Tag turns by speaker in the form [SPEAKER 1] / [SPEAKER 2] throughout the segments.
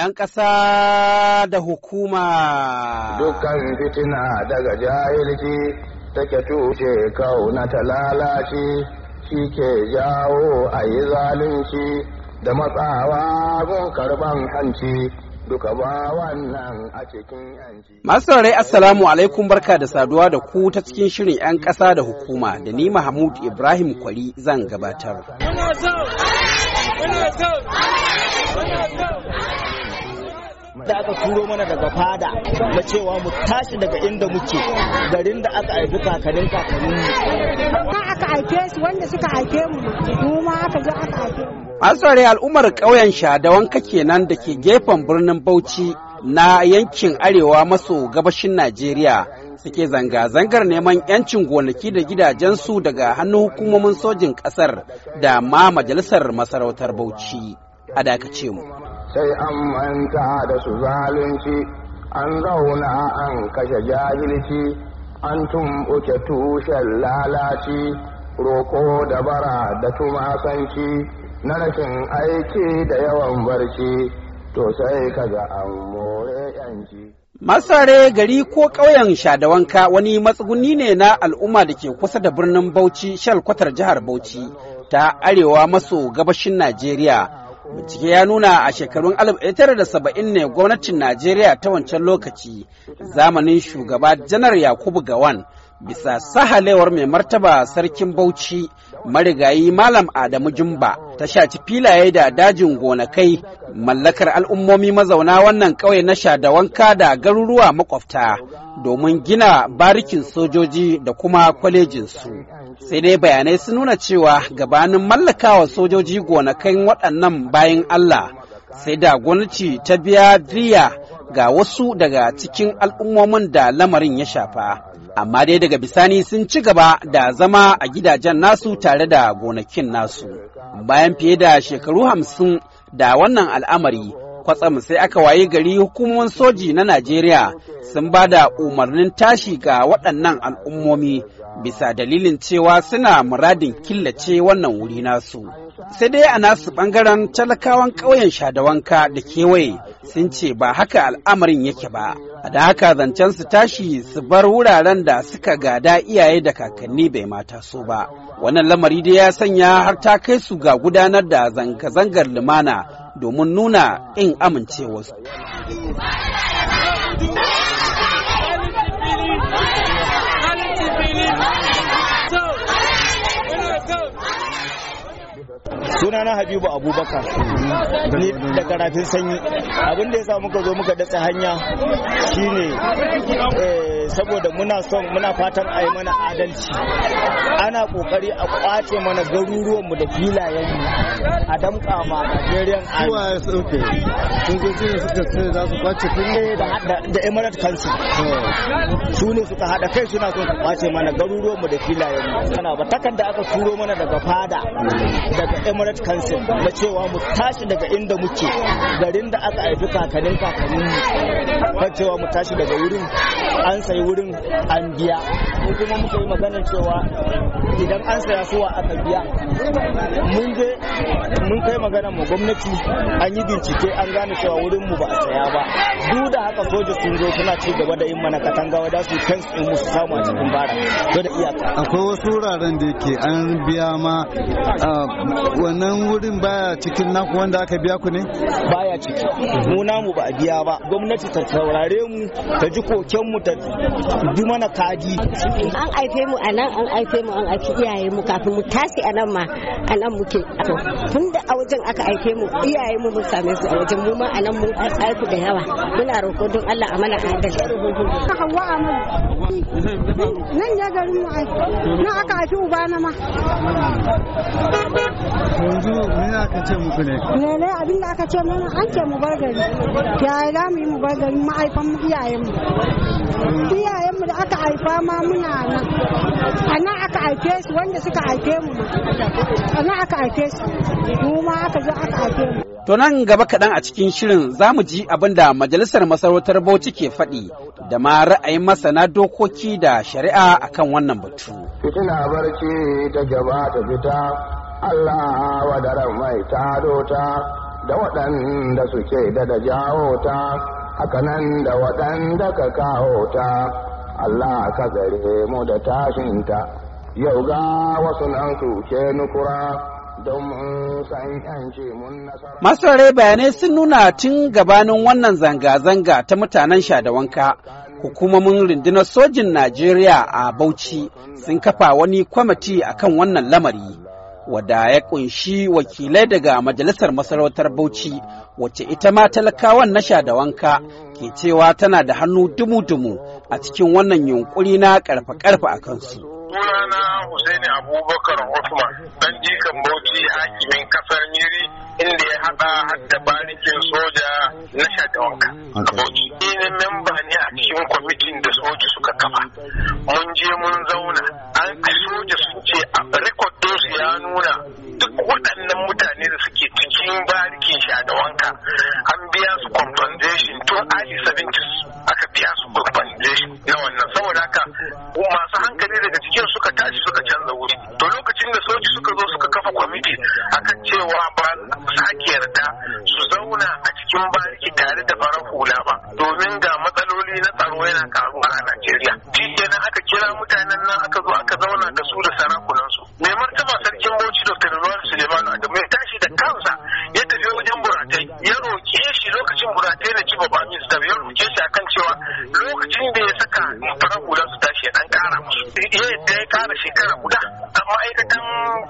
[SPEAKER 1] ‘yan ƙasa da hukuma. Dukkan fitina daga jahilci take tushe na ta lalace shi ke jawo a yi zalunci da matsawa gun karban hanci. Duka ba wannan a cikin yanci.
[SPEAKER 2] Masu Assalamu alaikum barka da saduwa da ku ta cikin shirin 'yan ƙasa da hukuma da ni Mahmud Ibrahim Kwari zan gabatar.
[SPEAKER 3] da aka turo mana daga fada na cewa mu tashi daga inda muke
[SPEAKER 2] garin da aka aiki kakannin kakarin
[SPEAKER 3] mu ka aka aike su wanda suka aike mu mu aka zo aka aike mu
[SPEAKER 2] an tsare al'ummar ƙauyen kake kenan da ke gefen birnin bauchi na yankin arewa maso gabashin najeriya suke zanga-zangar neman 'yancin gonaki da gidajensu daga hannun hukumomin sojin ƙasar da ma majalisar masarautar bauchi a dakace mu
[SPEAKER 1] sai an manta da su zalunci an zauna an kashe jahilci an tumbuke tushen lalaci roƙo da bara da tumasanci na rashin aiki da yawan barci to
[SPEAKER 2] sai ga an more yanci Masare gari ko ƙauyen Shadawanka wani matsuguni ne na al'umma da ke kusa da birnin Bauchi, shalkwatar jihar Bauchi ta arewa maso gabashin Najeriya. Bincike ya nuna a shekarun 1970 ne gwamnatin Najeriya ta wancan lokaci zamanin shugaba janar Yakubu Gawan bisa sahalewar mai martaba sarkin Bauchi marigayi Malam Adamu Jumba. ta shaci filaye da dajin gonakai mallakar al'ummomi mazauna wannan ƙauye na Shadawanka da garuruwa makwabta domin gina barikin sojoji da kuma kwalejinsu. Sai dai bayanai sun nuna cewa gabanin mallakawa sojoji gonakai waɗannan bayan Allah sai da gwamnati ta biya biya ga wasu daga cikin al'ummomin da lamarin ya shafa. Amma dai daga bisani sun ci gaba da zama a gidajen nasu tare da gonakin nasu. Bayan fiye da shekaru hamsin da wannan al'amari, kwatsam sai aka waye gari hukumomin soji na Najeriya sun ba da umarnin tashi ga waɗannan al'ummomi bisa dalilin cewa suna muradin killace wannan wuri nasu. sai dai a nasu bangaren talakawan ƙauyen shadawanka da kewaye sun ce ba haka al'amarin yake ba a da haka zancen su tashi su bar wuraren da suka gada iyaye da kakanni bai mata so ba wannan lamari dai ya sanya har ta kai su ga gudanar da zanga-zangar lumana domin nuna in amincewa
[SPEAKER 3] sunana habibu abubakar ni daga rafin sanyi abin da ya sa muka zo muka datsa hanya shine eh, saboda muna son muna fatan a yi mana adalci ana kokari a kwace mana garuruwanmu da filayenmu a damƙa ma Nigerian Army sojoji su suka ce za su kwace filaye eh, da da Emirate Council su ne suka haɗa kai suna son su kwace mana garuruwanmu da filayenmu Kana ba takarda aka turo mana daga fada daga Emirate Council na cewa mu tashi daga inda muke garin da aka haifi kakannin kakanin mu cewa mu tashi daga wurin an sayi wurin an biya ko kuma muka yi magana cewa idan an saya suwa aka biya mun je mun kai magana ma gwamnati an yi bincike an gane cewa wurin mu ba a saya ba duk da haka soja sun zo suna ci gaba da yin mana katanga wadda su fence in musu samu a cikin bara to da iyaka akwai wasu wuraren da yake an biya ma wannan wurin baya cikin naku wanda aka biya ku ne baya ciki mu namu ba a biya ba gwamnati ta saurare mu ta ji koken mu ta bi mana kadi an aife mu anan an aife mu an aiki iyaye mu kafin mu tasi anan ma anan muke to tun da a wajen aka aife mu iyaye mu mun same su a wajen mu ma anan mun aiku da yawa muna roƙo. don Allah a mana adalci hawa amal nan ya garin mu ai nan aka haifi uba na ma
[SPEAKER 4] yanzu me aka ce muku ne
[SPEAKER 3] ne ne abin da aka ce mana an ce mu bar gari ya za mu yi mu bar gari ma'aifan mu iyayen mu iyayen mu da aka haifa ma muna nan a nan aka haife su wanda suka haife mu ma a nan aka haife su mu ma aka zo aka haife mu
[SPEAKER 2] To nan gaba kaɗan a cikin shirin za mu ji abin da Majalisar Masarautar Bauchi ke faɗi da ma ra'ayin masana dokoki da shari'a a kan wannan batu.
[SPEAKER 1] Fitina barci ta gaba ta fita, Allah da mai ta ta da waɗanda suke da da jawo ta, hakanan da waɗanda ka kawo ta, Allah ka gare mu da tashinta, yau ga wasu nan su ke nukura.
[SPEAKER 2] Masu rare bayanai sun nuna tun gabanin wannan zanga-zanga ta mutanen Shadawanka, hukumomin rundunar sojin Najeriya a Bauchi sun kafa wani kwamiti akan wannan lamari. Wada ya kunshi wakilai daga Majalisar Masarautar Bauchi, wacce ita ma talakawan na Shadawanka ke cewa tana da hannu dumu-dumu a cikin wannan yunkuri na karfe karfe a kansu.
[SPEAKER 4] Sunana Abubakar ɗan jikan Bauchi. yawanka ni memba ne a cikin kwamitin da soja suka kafa mun je mun zauna an soja sun ce a rekod su ya nuna duk waɗannan mutane da suke cikin barikin sha da wanka an biya su compensation tun ali 70 aka biya su compensation na wannan saboda haka masu hankali daga cikin suka tashi suka canza wuri to lokacin da soji suka zo suka kafa kwamiti akan cewa ba sake yarda su zauna a cikin bariki tare da farar hula ba domin ga matsaloli na tsaro yana karuwa a Najeriya. Shi na aka kira mutanen nan aka zo aka zauna da su da sarakunansu. Mai martaba sarkin Bauchi Dr. Ruwan Suleiman Adamu ya tashi da kansa ya tafi wajen buratai ya roƙe shi lokacin buratai na kiba ba Mista ya roƙe shi akan cewa lokacin da ya saka farar hula su tashi ya dan kara musu. Ya yadda ya kara shekara guda a ma'aikatan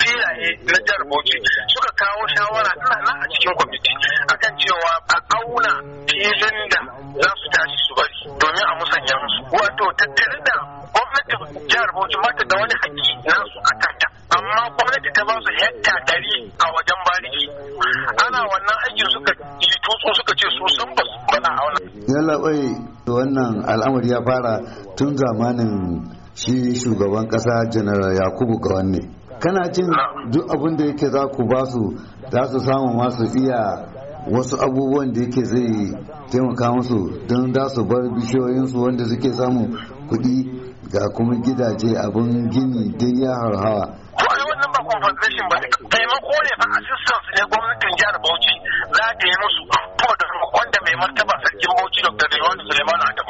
[SPEAKER 4] filaye na jihar Bauchi suka kawo shawara tana nan cikin kwamiti akan cewa a auna filin da za su tashi su bari domin a musanya musu wato tattare da gwamnatin jihar bauchi mata da wani haƙƙi nasu a kanta amma gwamnati ta ba su hekta ɗari a wajen bariki ana wannan aikin suka yi tutsu suka ce su san ba su bana
[SPEAKER 3] auna. yalla bai wannan al'amari ya fara tun zamanin shi shugaban kasa janar yakubu gawanne ne kana cin duk abin yake za ku ba su za su samu masu iya wasu abubuwan da yake zai taimaka musu don za su bar bishiyoyinsu wanda suke samun kuɗi ga kuma gidaje abin gini don ya harhawa. wannan ba compensation ba taimako ne ba assistance ne
[SPEAKER 4] gwamnatin jihar Bauchi za ta yi musu ko da wanda mai martaba sarkin Bauchi Dr. Rilwani Suleiman Adam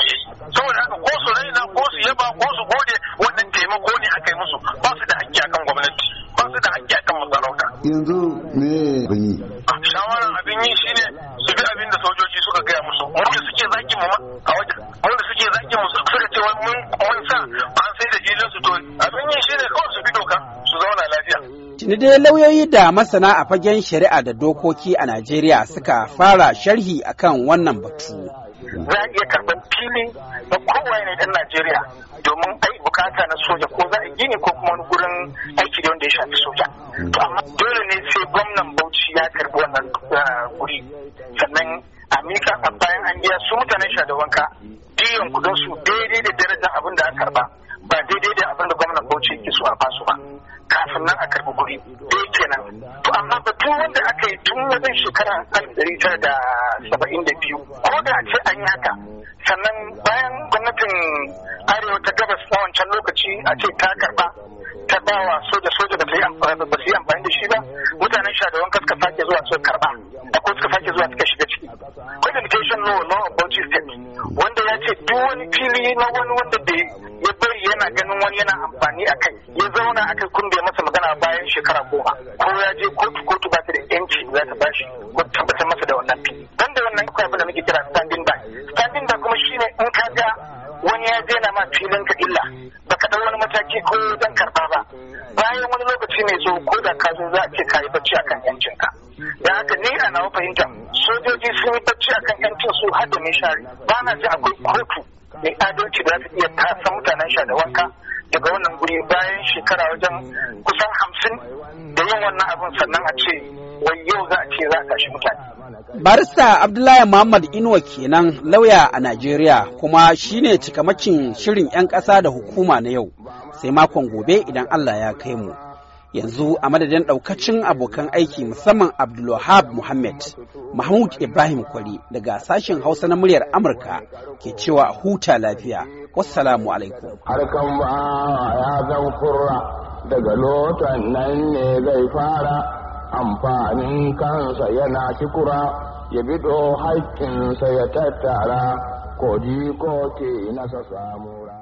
[SPEAKER 2] Ni dai lauyoyi da masana a fagen shari'a da dokoki a Najeriya suka fara sharhi akan wannan batu. Za a
[SPEAKER 4] iya karɓar fili da kowaye ne ɗan Najeriya domin ai bukata na soja ko za a gini ko kuma wani gurin aiki da wanda ya shafi soja. To amma dole ne sai gwamnan Bauchi ya karɓi wannan ah, guri sannan a mika a bayan an biya su mutanen sha da wanka diyan kuɗi. da biyu ko da ce an haka sannan bayan gwamnatin arewa ta gabas na wancan lokaci a ce ta karba ta bawa soja soja da ba su yi amfani da shi ba mutanen shadawan suka sake zuwa su karba da ko suka sake zuwa suka shiga ciki akwai limitation law law of Bauchi state wanda ya ce duk wani fili na wani wanda da ya bari yana ganin wani yana amfani a kai ya zauna a kai kun masa magana bayan shekara goma ko ya je kotu kotu ba ta da yanci za ta bashi ko tabbatar masa da wannan fili akwai abin da muke kira standing by standing by kuma shine in ka ga wani ya je ma filin ka illa baka dau wani mataki ko dan karba ba bayan wani lokaci ne zo ko da ka zo za a ce ka yi bacci akan yancin ka da haka ni a nawa fahimta sojoji sun yi bacci akan yancin su har da mai shari ba na ji akwai kotu mai adalci da za ta iya tasa mutanen sha da wanka daga wannan guri bayan shekara wajen kusan hamsin da yin wannan abin sannan a ce wai yau za a ce za a tashi mutane.
[SPEAKER 2] Barista Abdullahi Muhammad Inuwa kenan lauya a Najeriya kuma shine cikamakin shirin 'yan ƙasa da hukuma na yau sai makon gobe idan Allah ya kai mu. yanzu a madadin daukacin abokan aiki musamman abdulwahab muhammad mahmud ibrahim kwari daga sashen hausa na muryar amurka ke cewa huta lafiya wassalamu alaikum harkan
[SPEAKER 1] ba ya zan kurra daga lotan nan ne zai fara amfanin kansa yana cikura ya bido haƙƙinsa ya tattara ko ke nasa samura